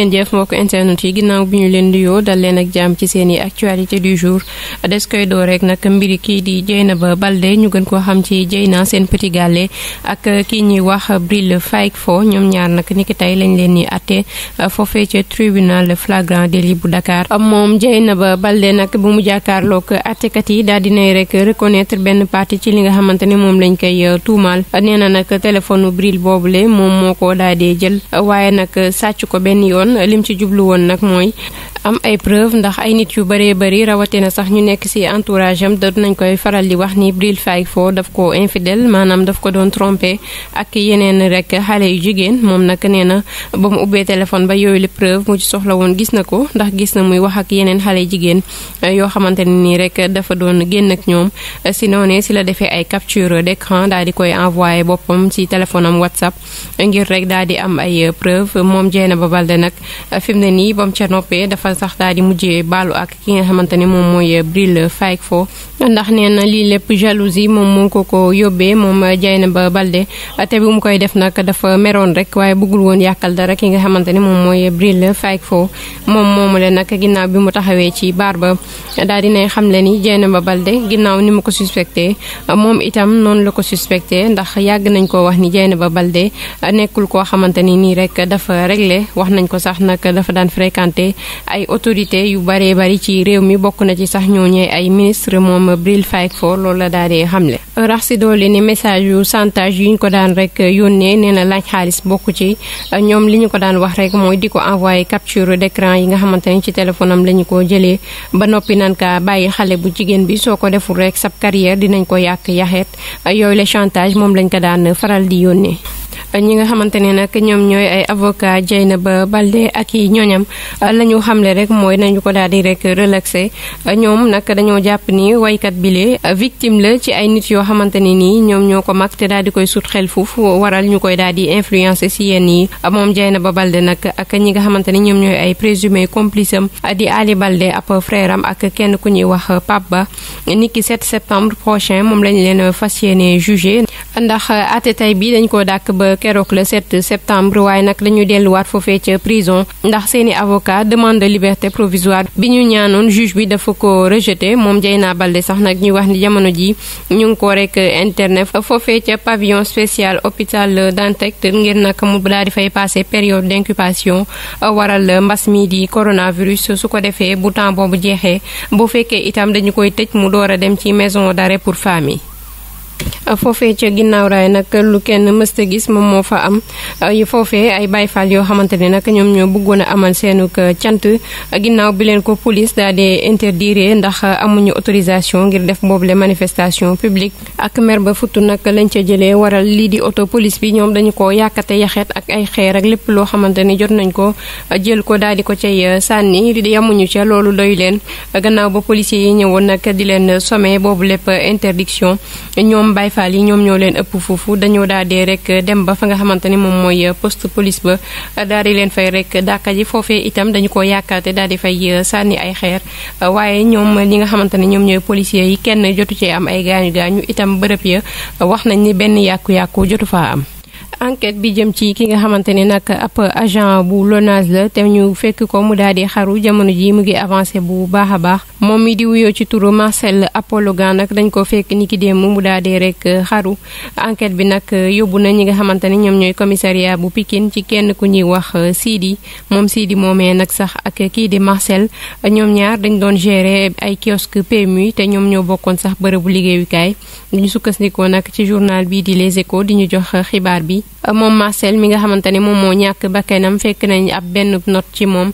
ngeen jëf mbokk internet yi ginnaaw bi ñu leen nuyoo dal leen ak jàmm ci seen i actualité du jour des koy doo rek nag mbiri kii di Dieynaba Baldé ñu gën koo xam ci Dieyna Sen Petit Gallé ak kii ñuy wax Bril Faye Fo ñoom ñaar nag niki tey lañ leen ni atte foofee ca tribunal flagrant délit bu Dakar moom na ba Dieynaba Baldé nag bu mu jàkkaarloog attekat yi daal dinay rek reconnaître benn partie ci li nga xamante ne moom lañ koy euh, tuumaal nee na nag téléphone Bril boobule moom moo ko daal di jël waaye nag sàcc ko benn yoon kon lim ci jublu woon nag mooy am ay preuve ndax ay nit yu bëree bëri na sax ñu nekk ci entourage am da nañ koy faral di wax ni Bril foo daf ko infidèle maanaam daf ko doon trompé ak yeneen rek xale yu jigéen moom nag nee na ba mu ubbee téléphone ba yooyu la preuve mu ci soxla woon gis na ko ndax gis na muy wax ak yeneen xale yu jigéen eh, yoo xamante ne nii rek dafa doon génn ak ñoom eh, si noonee si la defee ay capture d'écran daal di koy envoyé boppam ci téléphone am WhatsApp ngir rek daal di am ay preuve moom Dieynaba Balde nag eh, dafa sax daal di mujjee baalu ak ki nga xamante ne moom mooy Bril Faye fo ndax nee na lii lépp jalousie moom moo ko ko yóbbee moom Dieynaba Balde te bi mu koy def nag dafa meroon rek waaye bëggul woon yàkkal dara ki nga xamante ne moom mooy Bril Faye fo moom moomu le ginnaaw bi mu taxawee ci baar ba daal di ne xam le ni Dieynaba Balde ginnaaw ni mu ko suspecté moom itam noonu la ko suspecté ndax yàgg nañ ko wax ni Dieynaba Balde nekkul koo xamante ni nii rek dafa réglé wax nañ ko sax nag dafa daan fréquenté ay autorité yu baree bari ci réew mi bokk na ci sax ñooñee ay ministre moom Bril Fight For loolu la daal di xamle rax si doole ni message yu chantage yu ñu ko daan rek yónnee nee na laaj xaalis bokk ci ñoom li ñu ko daan wax rek mooy di ko envoyé capture d'écran yi nga xamante ni ci téléphone am la ñu ko jëlee ba noppi nan ka bàyyi xale bu jigéen bi soo ko deful rek sab carrière dinañ ko yàq yaxeet yooyu la chantage moom lañ ko daan faral di yónnee ñi nga xamante ne nag ñoom ñooy ay avocat Dieynaba Baldé ak i ñooñam la ñu xamle rek mooy nañu ko daal di rek relaxé ñoom nag dañoo jàpp ni waykat bile victime la ci ay nit yoo xamante ne nii ñoom ñoo ko mag te daal di koy sut xel foofu waral ñu koy daal di influencé si yéen yi moom Dieynaba balde nag ak ñi nga xamante ni ñoom ñooy ay présumé complice am di Ali Baldé ab frère ak kenn ku ñuy wax Pape Ba niki 7 septembre prochain moom lañ leen fas yéene jugé ndax àtte euh, tey bi dañ koo dàkk ba keroog le 7 septembre waaye nag dañu delluwaat foofee ca prison ndax seeni avocat demande de liberté provisoire bi ñu ñaanoon juge bi dafa ko rejeté moom naa Baldé sax nag ñuy wax ni jamono ji ñu ngi ko rek euh, internet foofee ca pavillon spécial hôpital euh, Dantec ngir nag mu daal di fay passé période d'incubation waral mbas mi di coronavirus su ko defee bu temps boobu jeexee bu fekkee itam dañu koy tëj mu door a dem ci maison d'arrêt pour famille foofee ca ginnaaw raay nag lu kenn mësta gis moom moo fa am foofe ay bayfaal yoo xamante ne nag ñoom ñoo bëggoon a amal seenug cant ginnaaw bi leen ko police daal di interdire ndax amuñu autorisation ngir def boobule manifestation publique ak mer ba futt nag lañ ca jëlee waral lii di auto police bi ñoom dañu ko yàkkate yaxeet ak ay xeer ak lépp loo xamante ni jot nañ ko jël ko daal di ko cay sànni di yamuñu ca loolu doy leen gannaaw ba policiers yi ñëwoon nag di leen somme boobu lépp interdiction Fall yi ñoom ñoo leen ëpp foofu dañoo daal di rek dem ba fa nga xamante ni moom mooy euh, poste police ba daal di leen fay rek dàkka ji foofee itam dañu ko yaakaate daal di fay euh, sànni ay xeer euh, waaye ñoom ñi nga xamante ne ñoom ñooy policiers yi kenn jotu cee am ay gaañu gaañu itam bërëb ya wax nañ ni benn yàqu-yàqu jotu faa am. enquête bi jëm ci ki nga xamante ne nag ab agent bu Lonase la te ñu fekk ko mu daal di xaru jamono ji mu ngi avancé bu baax a baax moom mi di wuyoo ci turu Marcel Apologan nag dañ ko fekk ni ki démb mu daal di rek xaru enquête bi nag yóbbu na ñi nga xamante ne ñoom ñooy commissariat bu Pikine ci kenn ku ñuy wax Sidi moom Sidi moomee nag sax ak kii di Marcel ñoom ñaar dañ doon gérer ay kiosque PMU te ñoom ñoo bokkoon sax bërëbu liggéeyukaay ñu sukkandikoo nag ci journal bii di Les Échos di ñu jox xibaar bi moom Marcel mi nga xamante ne moom moo ñàkk bakkanam fekk nañ ab benn note ci moom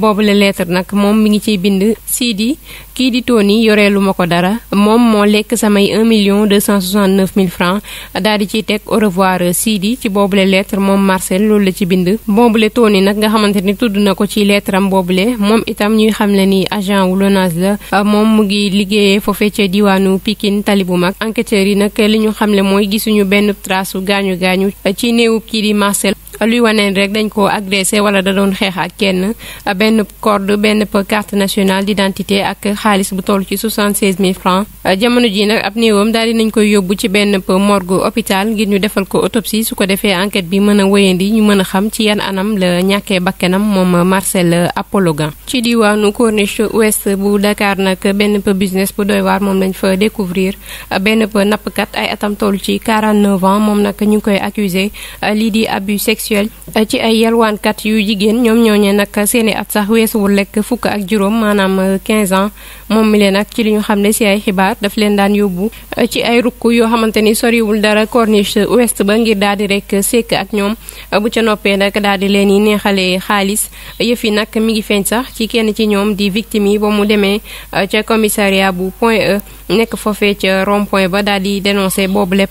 boobu la lettre nag moom mi ngi ci bind Sidi kii di Tony yoreelu ma ko dara moom moo lekk samay million million 269 mille francs daal di ciy teg au revoir Sidi ci boobule lettre moom Marcel loolu la ci bind boobule Tony nag nga xamante ni tudd na ko ci lettre am moom itam ñuy xam le ni agent wu Lonase la moom mu ngi liggéeye foofee ca diwaanu pikin tali bu mag enquêteurs yi nag li ñu xam le mooy gisuñu benn trace gaañu gaañu ci new kii di Marcel luy waneen rek dañ ko agressé wala da doon xeex ak kenn benn corde benn carte nationale d'identité ak xaalis bu toll ci 76 000 francs jamono ji nag ab néewam daal di nañ koy yóbbu ci benn morgue hôpital ngir ñu defal ko autopsie su ko defee enquête bi mën a wéyandi ñu mën a xam ci yan anam la ñàkkee bakkanam moom Marcel Apologan ci diwaanu corniche ouest bu Dakar nag benn business bu doy waar moom lañ fa découvrir benn nappkat ay atam toll ci 49 ans moom nag ñu koy accusé lii sexuelle ci ay yalwaankat yu jigéen ñoom ñooñee nag seeni at sax weesuwul lekk fukk ak juróom maanaam 15 euh, ans moom mi leen nag ci li ñu xam ne si ay xibaar daf leen daan yóbbu euh, ci ay rukk yoo xamante ni soriwul dara corniche ouest ba ngir daal di rek sekk ak ñoom bu ca noppee nag daal di leen yi neexale xaalis yëf yi nag mi ngi feeñ sax ci kenn ci ñoom di victime yi ba mu demee euh, ca commissariat bu Point E nekk foofee ca rond ba daal di dénoncé boobu le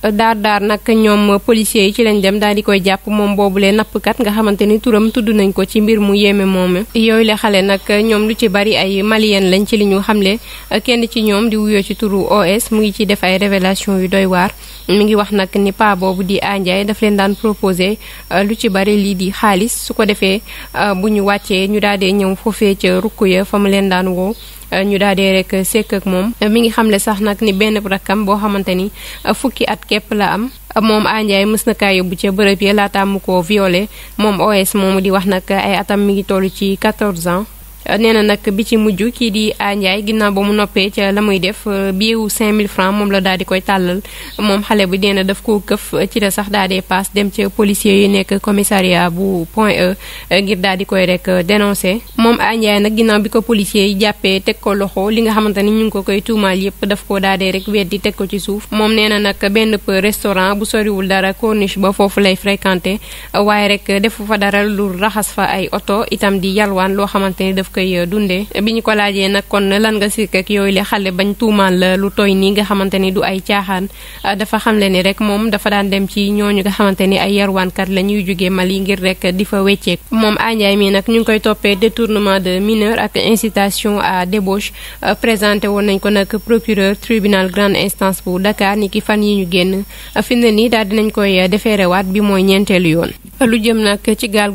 daar daar nag ñoom policiers yi ci lañ dem daal di koy jàpp moom boobule nappkat nga xamante ni turam tudd nañ ko ci mbir mu yéeme moom yooyu la xale nag ñoom lu ci bari ay malien lañ ci li ñu xamle kenn ci ñoom di wuyoo ci turu OS mu ngi ci def ay révélation yu doy waar mu ngi wax nag ni pa boobu di Andiaye daf leen daan proposé euh, lu ci bari lii di xaalis su ko defee euh, bu ñu wàccee ñu daal di ñëw foofee ca rukk ya fa mu leen daan wow Euh, ñu daal di rek sekk ak moom euh, mi ngi xamle sax nag ni benn rakkam boo xamante ni euh, fukki at képp la am moom Andiaye mës na kaa yóbbu ca bërëb ya laata mu ko violé moom OS moom di wax nag ay atam mi ngi toll ci 14 ans. nee na nag bi ci mujj kii di A Ndiaye ginnaaw ba mu noppee ca la muy def euh, biyewu mille francs moom la daal di koy tàllal moom xale bi nee na daf koo këf ci la sax daal di dem ca policier yu nekk commissariat bu Point e, euh, ngir daal di koy rek euh, dénoncé moom A Ndiaye nag ginnaaw bi ko policier yi jàppee teg ko loxo li nga xamante ni ñu ngi ko koy tuumaal yépp daf koo daal di rek weddi teg ko ci suuf moom nee na nag benn restaurant bu soriwul dara corniche ba foofu lay fréquenté waaye rek defu fa dara lu raxas fa ay oto itam di yalwaan loo xamante ni daf koy euh, dundee bi ñu ko laajee nag kon lan nga sikk ak yooyu le xale bañ tuumaal la euh, lu tooy nii nga xamante du ay caaxaan euh, dafa xamle ni rek moom dafa daan dem ci ñooñu nga xamante ni ay yarwaankat la ñuy jógee Mali ngir rek di fa wecceek moom Andiaye mi nag ñu ngi koy toppee détournement de mineur ak incitation à débauche présenté woon nañ ko nag procureur tribunal grande instance bu Dakar ni ki fan yi ñu génn fi ni ne nii daal dinañ koy defeerewaat bi mooy ñeenteelu yoon lu jëm nag ci gaal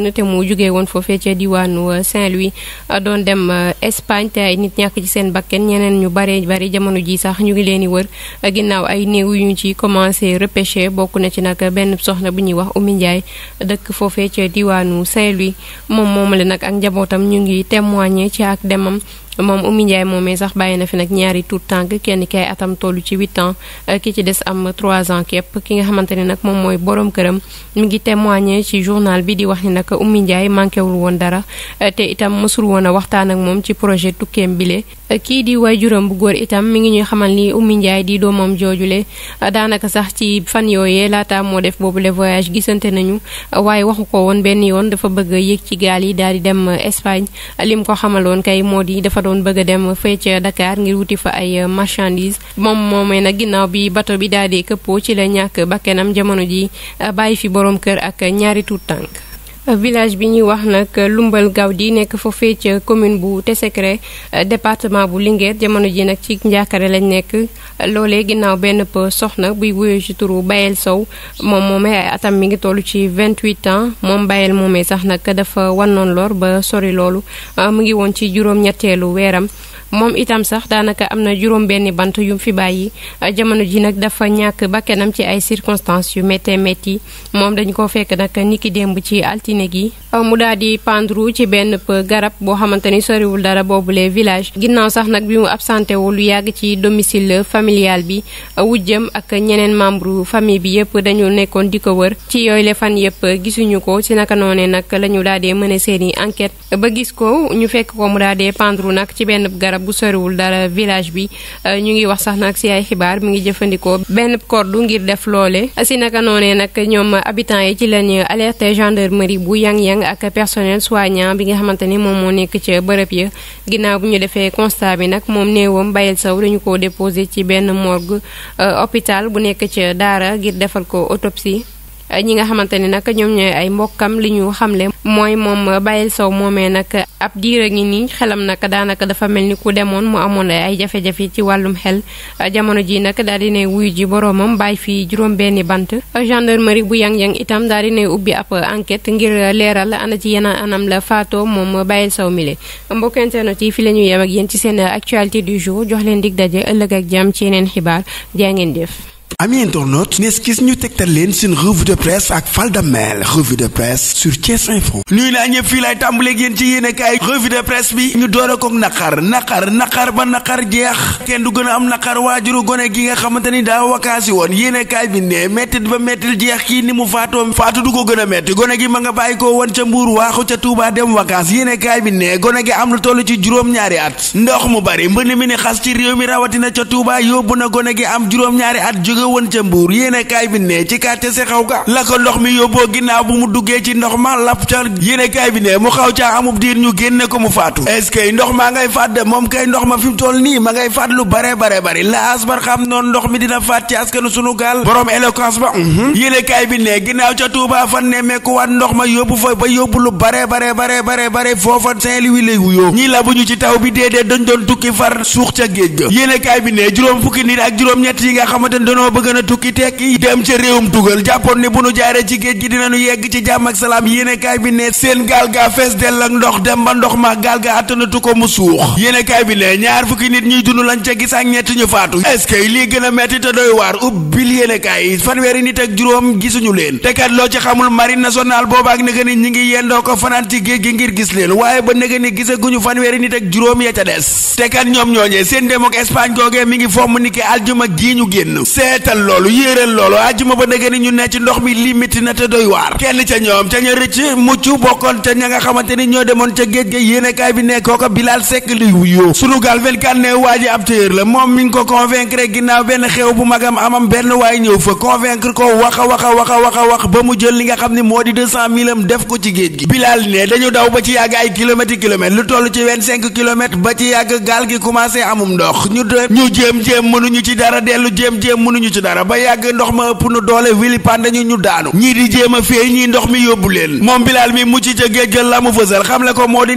génn te mu jógee woon foofee ca diwaanu euh, Saint-Louis euh, doon dem euh, Espagne te ay nit ñàkk ci seen bakken ñeneen ñu bare bari jamono ji sax ñu ngi leen di wër ginnaaw ay néew yu ñu ci commencé repêché bokk na ci nag benn soxna bu ñuy wax Oumy Ndiaye dëkk foofee ca diwaanu Saint-Louis moom moomale nag ak njabootam ñu ngi témoigner ci ak demam moom Oumy moom moomee sax bàyyi na fi nag ñaari tuut tànk kenn kay atam tollu ci huit ans euh, ki ci des am trois ans képp ki nga xamante ne nag moom mooy borom këram mu ngi témoigner ci journal bi di wax ni nag Oumy Ndiaye manqué wul woon dara euh, te itam mësul woon a waxtaan ak moom ci projet tukkeem bile. kii di waajuram bu góor itam mu ngi ñuy xamal ni Oumy Ndiaye di doomam joojule daanaka sax ci fan yooyee laata moo def boobule voyage gisante nañu waaye waxu ko woon benn yoon dafa bëgg a yéeg ci gaal yi daal di dem Espagne lim ko xamaloon kay moo di dafa doon bëgg a dem fee ca Dakar ngir wuti fa ay marchandises moom moomee nag ginnaaw bi bato bi daal di këppoo ci la ñàkk bakkenam jamono ji bàyyi fi borom kër ak ñaari tuut tànk village bi ñuy wax nag Lumbal Gawdi nekk foofee ca commune bu Tessékéré euh, département bu Linguère jamono ji nag ci njaakare lañ nekk loolee ginnaaw benn soxna buy wuyoo ci turu Bayel Sow moom moomee atam mi ngi toll ci vingt-huit ans moom Bayel moomee sax nag dafa wannoon lor ba sori loolu euh, mu ngi woon ci juróom-ñetteelu weeram moom itam sax daanaka am na juróom benni bant yu fi bàyyi jamono ji nag dafa ñàkk bakkanam ci ay circonstances yu méttee métti moom dañu ko fekk nag niki démb ci altine gi Euh, mu daal di pendru ci benn garab boo xamante ni soriwul dara boobule village ginnaaw sax nag bi mu absenté wu lu yàgg ci domicile familial bi euh, wujjam ak ñeneen membre famille bi yëpp dañu nekkoon di ko wër ci yooyu le fan yëpp gisuñu ko ci naka noone nag la ñu daal di mëne seeni enquête ba gis ko ñu fekk ko mu daal di pendru nag ci benn garab bu soriwul dara village bi euh, ñu ngi wax sax nag si ay xibaar mu ngi jëfandikoo benn corde ngir def loole si naka noone nag ñoom habitants yi ci lañu alerté gendarmerie bu yang yang jàng ak personnel soignant bi nga xamante ni moom moo nekk ca bërëb ya ginnaaw bu ñu defee constat bi nag moom néewam Bayel Sow dañu ko déposé ci benn morgue hopital euh, bu nekk ca Daara ngir defal ko autopsie. ñi nga xamante ne nag ñoom ñooy ay mbokkam li ñu xamle mooy moom Bayel Sow moomee nag ab diir ngi nii xelam nag daanaka dafa mel ni ku demoon mu amoon ay jafe-jafe ci wàllum xel jamono ji nag daal di ne wuyu ji boroomam bàyyi fii juróom-benni bant gendarmerie bu yang-yang itam daal di ubbi ab enquête ngir leeral ana ci yenn anam la faatoo moom Bayel Sow mile mbokkenteeno ci fi la ñu yem ak yéen ci seen actualité du jour jox leen dig daje ëllëg ak jàmm ci yeneen xibaar jaa ngeen jëf ami internaute nees gis ñu tegtal leen seen revue de presse ak Falda Mel revue de presse sur Thiès Info nuyu naa ñëpp fii laay tàmbaleeg yéen ci yéenekaay revue de presse bi ñu door a koog naqar naqar naqar ba naqar jeex kenn du gën a am naqar waajuru gone gi nga xamante ni daa wakaasi woon yéenekaay bi ne mettit ba mettil jeex kii ni mu faatoo faatu du ko gën a metti gone gi ma nga bàyyi ko woon ca Mbuur waaxu ca Tuubaa dem vacances yéenekaay bi ne gone gi am lu toll ci juróom-ñaari at ndox mu bari mbënn mi ni xas ci réew mi rawatina ca Tuubaa yóbbu na gone gi am juróom-ñaari at jóge woon ca mbuur yéene kaay bi ne ci quartier si xaw ga la ko ndox mi yóbboo ginnaaw bu mu duggee ci ndox ma lapp ca yéene kaay bi ne mu xaw caa amub diir ñu génne ko mu faatu est-ce que ndox maa ngay faat de moom kay ndox ma fi mu lu bare bare ba mhm. ba yóbbu lu bare bare bare bare bare foofa Saint-Louis lay wuyoo ñi la bu ñu ci taw bi déedee dañ doon tukki far suux ca géej ga yéene kaay bi ne juróom fukki nit ak juróom ñett yi nga xamante ne dañoo bëgg na tukki tekki dem ca réewum tugal jàppoon ni bu nu jaaree ci géej gi dinañu yegg ci jàmm ak salaam yéenekaay bi ne seen gaal gaa ak ndox dem ba ndox ma gaal ga attanatu ko mu suux yéenekaay bi ne ñaar fukki nit ñuy dund lañ ca gis ak ñett ñu faatu est-ce que a metti te doy waar ubbil yéenekaay fanweeri nit ak juróom gisuñu leen te loo ci xamul marine nationale boobaak nega ni ñi ngi yendoo ko fanaan ci géej gi ngir gis leen waaye ba nega ni gisaguñu fanweeri nit ak juróom ya ca des te kat netal loolu yéeral loolu ajjuma ba ñu ne ci ndox mi limiti na te doy waar kenn ca ñoom ca ña rëcc ña nga xamante ni ñoo demoon ca géej ga yéenekaay bi ne kooko Bilal Seck li wuyoo sunu gaal 24 ne waa ji ab téer la moom mi ngi ko convaincre ginnaaw benn xew bu magam amam benn waaye ñëw fa convaincre ko wax a wax a wax a wax wax ba mu jël li nga xam ne moo di 200 000 am def ko ci géej gi Bilal ne dañu daw ba ci yàgg ay kilomètres kilomètres lu toll ci 25 kilomètres ba ci yàgg gaal gi commencé amum ndox ñu jéem jéem mënuñu ci dara dellu jéem jéem mënuñu mënuñu ci dara ba yàgg ndox ma ëpp nu doole wili pandañu ñu daanu ñii di jéem a fee ñii ndox mi yóbbu leen moom bilaal mi mucc ca géej ga la mu fësal xam le ko moo di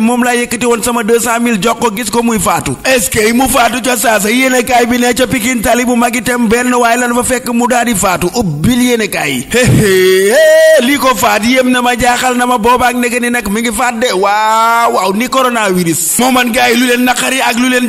moom laa yëkkati woon sama 200000 jox ko gis ko muy faatu est-ce mu faatu ca saasa yéenekaay bi ne ca Pikine tali bu mag itam benn waaye lan fa fekk mu daal faatu ubbil yéenekaay yi lii ko faat yéem na ma jaaxal na ma boobaak nege ni nag mi ngi faat de waaw waaw ni coronavirus moo man gars yi lu leen naqari ak lu leen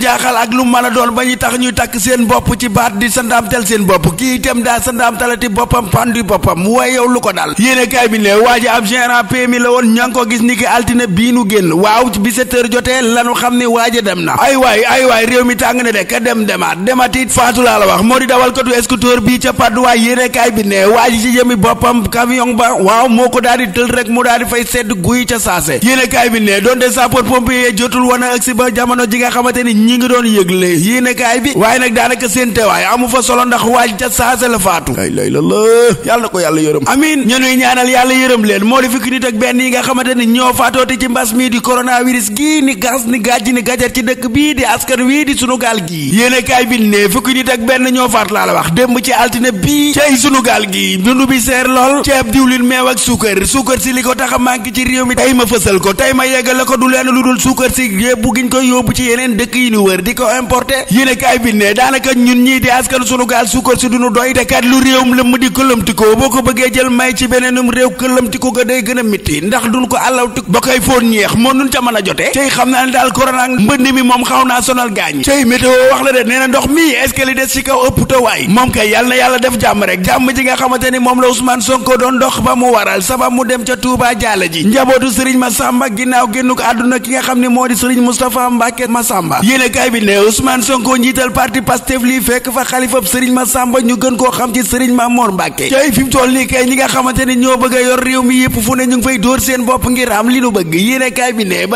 a yi tax ñuy takk seen bopp ci baat di sandaamtal seen bopp kii itam daa sandaamtalati boppam pàndu boppam waaye yow lu ko daal yéen a kaay bi ne waa ji ab gérant PMI la woon ña ngi ko gis ni ki altine bii nu génn waaw bi sept heures jotee lanu xam ne waaja dem na ay waay ay waay réew mi tàng na de ka dem demaat dematit faatu laa la wax moo di dawalkatu scooter bii ca padduwaay yéen kaay bi ne waa ji ci jëmi boppam camion ba waaw moo ko daal di tël rek mu daal di fay sedd guy ca saase yéen kaay bi ne doonte sapeur pompier jotul a agsi ba jamono ji nga xamante ni yéenekaay bi waaye nag daanaka seen teewaay amu fa solo ndax waaj ca saase la faatu ay la yàlla ko yàlla yërëm amin ñu nuy ñaanal yàlla yërëm leen moo di fukki nit ak benn yi nga xamante ni ñoo faatoote ci mbas mii di coronavirus gii ni gas ni gàjj ni gajar ci dëkk bii di askan wii di sunu gaal gii yéenekaay bi ne nit ak benn ñoo faat laa la wax démb ci altine bii ci ay sunu gaal gii dund bi seer lool ceeb diwlin meew ak suukar suukar si li ko tax a manqué ci réew mi tey ma fësal ko tey ma yeggale ko du leen lu dul suukar si yóbbu giñ ko yóbbu ci yeneen dëkk yi ñu wër di ko importe yéen a kaay bi ne daanaka ñun ñii di askan sunu gaal sukkar si duñu doy dekat lu réewum la mu di këlamtikoo boo ko bëggee jël may ci beneenum réew këlamtiko ko day gën a mitti ndax duñ ko àllawti ba koy foon ñeex moo nun ca mën a jote tey xam naa ne daal korona mbënd mi moom xaw naa sonal gaañ tey météo wax la de nee ndox mi est-ce des ci kaw ëpp tawaay moom kay yàlla na yàlla def jàmm rek jàmm ji nga xamante ni moom la Ousmane Sonko doon dox ba mu waral sabab mu dem ca Touba jaale ji njabootu Serigne Massamba ginnaaw génn ko àdduna ki nga xam ne moo di Serigne Moustapha Mbacké Massamba yéen a kaay bi ne Ousmane Sonko koo njiital parti Pastef lii fekk fa xalifab sëriñ Masamba ñu gën koo xam ci sëriñ Mamor Mbàkke tey fi mu toll nii kay ñi nga xamante ne ñoo bëgg a yor réew mi yëpp fu ne ñu ngi fay dóor seen bopp ngir am li nu bëgg yéene kaay bi ne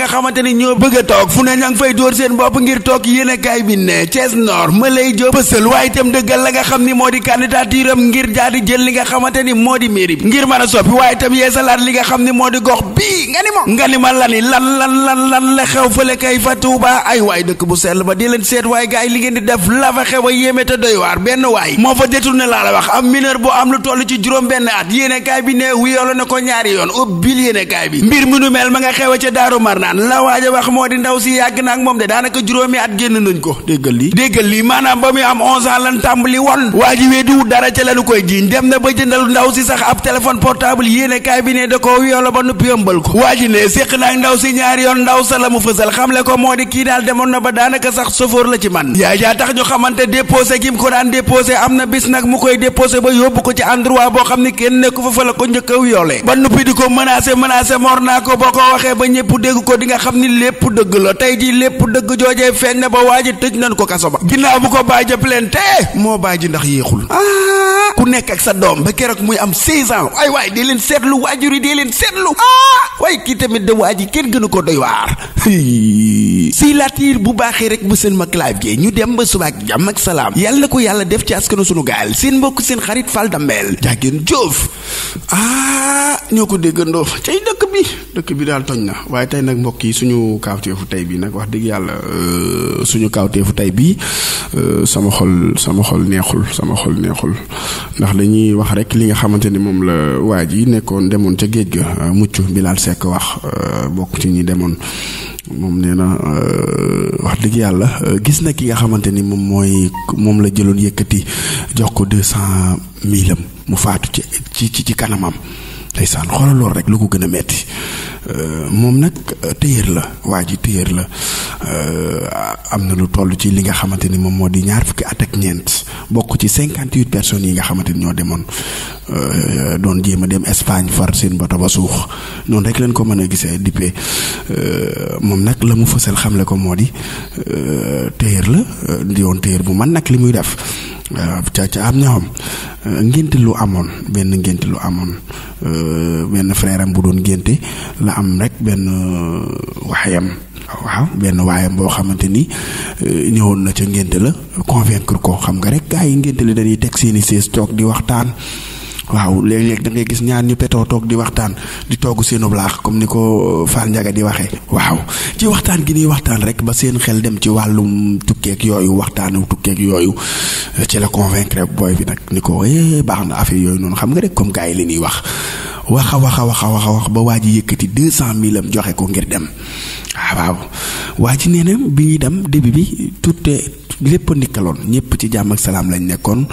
nga a toog fu fay dóor seen bopp ngir toog yéene bi ne Thiès Nord ma lay jóob bësal waaye itam dëggal la nga xam ni moo di candidature am ngir daal di jël li nga xamante ni moo di mairie bi ngir mën a soppi waaye itam yeesalaat li nga xam ni moo di gox bii nga ni ma nga ni ma lan lan la xew fële kay fa Tuuba ay waay dëkk bu sell ba di leen seet waay gaay li ngeen di def la fa xew a yéeme te doy waar benn waay moo fa détourné laa la wax am mineur bu am lu toll ci juróom benn at yéene kaay bi ne wiyoolu na ko ñaari yoon ubbil yéene kaay bi mbir mi nu mel ma nga xew a ca Daaru naan la waaja wax moo di ndaw si yàgg na ak moom de daanaka juróomi at génn nañ ko déggal lii déggal lii maanaam ba muy am onze ans lan li woon waa ji weeduwu dara ca lañu koy jiiñ dem na ba jëndal ndaw si sax ab téléphone portable yéene kaay bi ne da ko wiyoolu ba noppi yëmbal ko waa ji ne séq ndaw si ñaari yoon ndaw sa la mu puusal xam le ko moo di kii daal demoon na ba daanaka sax chauffeur la ci man yaay jaa tax ñu xamante déposé gi mu ko daan déposé am na bis nag mu koy déposé ba yóbbu ko ci endroit boo xam ni kenn nekku fa ko njëkkaw yoole ba nuppi di ko menacé menacé mor naa ko boo ko waxee ba ñëpp dégg ko di nga xam ni lépp dëgg la tey ji lépp dëgg joojee feeñ na ba waa ji tëj nañ ko kaso ba ginnaaw bu ko bàyyi plainte moo bàyyi ndax yéexul ah, ku nekk ak sa doom ba keroog muy am 16 ans ay waay leen seetlu waajur yi dee leen seetlu ah waaye tamit de waa ji kenn gënu ko doy si laatiir bu baaxee rek bu seen ma clave gi ñu dem ba subaak jàmm ak salaam yàlla ko yàlla def ci askanu sunu gaal seen mbokk seen xarit Fall Dambeel jàggeen Joof ah ñoo ko déggandoo cay dëkk bi daal toñ na waaye tey nag mbokk yi suñu kaawteefu tey bi nag wax dëgg yàlla euh, suñu kaawteefu tey bi euh, sama xol sama xol neexul sama xol neexul ndax dañuy wax rek li nga xamante ni moom la waa ji nekkoon demoon ca géej ga mucc bilaal Seck wax euh, bokk ci ñi demoon moom nee na euh, wax dëgg yàlla euh, gis na ki nga xamante ni moom mooy moom la jëloon yëkkati jox ko deux cent mille mu faatu ci ci ci kanamam ndeysaan xoolal loolu rek lu ko gën a metti euh, moom nag téyër la waa ji téyër la am na lu toll ci li nga xamante ni moom moo di ñaar fukki at ak ñeent bokk ci cinquante huit personnes yi nga xamante ni ñoo demoon euh, doon jéem a dem Espagne far seen boto ba suux noonu rek lañ ko mën a gisee dippe euh, moom nag la mu fësal xamle ko moo di euh, téer la di woon bu man nag li muy def ca am ñaxam ngénte lu amoon benn ngénte lu amoon benn frère bu doon ngénte la am rek benn waxayam waaw benn waayam boo xamante ni euh, ñëwoon na ca ngénte la convaincre ko xam nga rek gars yi ngénte la dañuy teg seeni sées toog di waxtaan waaw léeg-léeg da ngay gis ñaar ñu petoo toog di waxtaan di togg seenu laax comme ni ko euh, Fall Njaga di waxee waaw ci waxtaan gi ñuy waxtaan rek ba seen xel dem ci wàllum tukkeek yooyu waxtaanu tukkeek yooyu ci la convaincre booy bi nag ni ko eh, baax na affaire yooyu noonu xam nga rek comme gars yi li ñuy wax waxa waxa waxa waxa wax ba waa ji yëkkati deux cent mille am joxe ko ngir dem waaw ah, waaw waa ji nee na bi ñuy dem début bi tutte lépp nikkaloon ñëpp ci jàmm ak salaam lañ nekkoon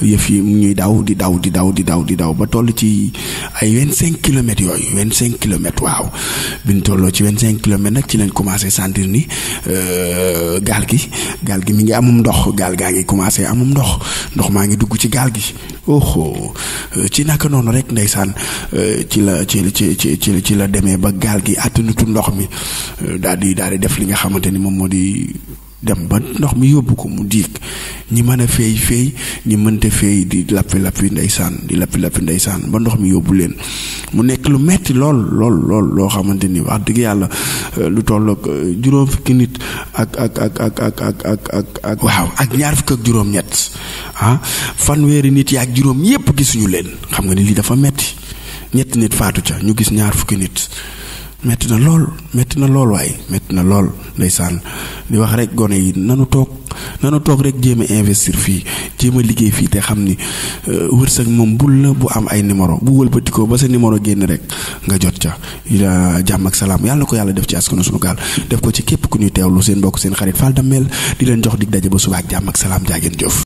yëf yi ñuy daw di daw di daw di daw di daw ba toll ci ay vingt cinq kilomètres yooyu vingt cinq kilomètres waaw bi ñu tolloo ci vingt cinq kilomètres nag ci lañ commencé sentir ni euh, gaal gi gaal gi mi ngi amum ndox gaal gaa ngi commencé amum ndox ndox maa ngi dugg ci gaal gi oho euh, ci naka noonu rek ndeysaan euh, ci la ci ci ci ci ci la demee ba gaal gi àttanutu ndox mi euh, daal di daal di def li nga xamante ni moom moo di dem ba ndox mi yóbbu ko mu diig ñi mën a feey feey ñi mënta feey di lappi lappi ndeysaan di lappi lappi ndeysaan ba ndox mi yóbbu leen mu nekk lu metti lool lool lool loo xamante ni wax dëgg yàlla euh, lu tollook euh, juróom fukki nit ak ak ak ak ak ak ak ak waaw ak ñaar fukk ak juróom ñett ah, fanweeri nit yaak juróom yépp gisuñu leen xam nga ni lii dafa metti ñetti nit faatu ca ñu gis ñaar fukki nit metti na lool metti na lool waaye metti na lool ndeysaan di wax rek gone yi nanu toog nanu toog rek jéem a investir fii jéem a liggéey fii te xam ni euh, wërsëg moom bul la bu am ay numéro bu wëlbatikoo ba sa numéro génn rek nga jot ca jàmm ak salaam yàlla ko yàlla def ci askanu sunu gaal def ko ci képp ku ñuy teewlu seen mbokk seen xarit Fall Damel di leen jox dig daje ba suba ak jàmm ak salaam jaa ngeen